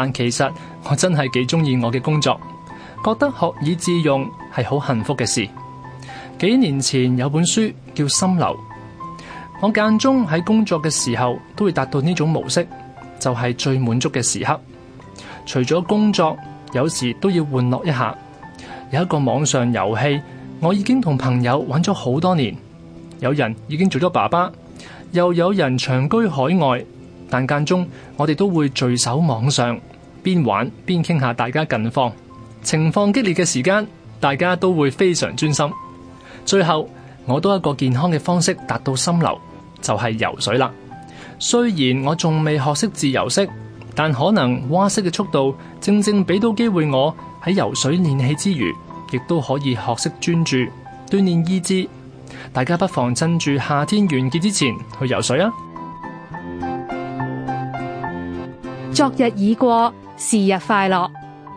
但其實我真係幾中意我嘅工作，覺得學以致用係好幸福嘅事。幾年前有本書叫《心流》，我間中喺工作嘅時候都會達到呢種模式，就係最滿足嘅時刻。除咗工作，有時都要玩樂一下。有一個網上遊戲，我已經同朋友玩咗好多年，有人已經做咗爸爸，又有人長居海外。但間中我哋都會聚首網上，邊玩邊傾下大家近況。情況激烈嘅時間，大家都會非常專心。最後，我都有一個健康嘅方式達到心流，就係游水啦。雖然我仲未學識自由式，但可能蛙式嘅速度正正俾到機會我喺游水練氣之餘，亦都可以學識專注鍛煉意志。大家不妨趁住夏天完結之前去游水啊！昨日已過，是日快樂。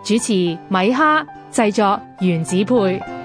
主持米哈，製作原子配。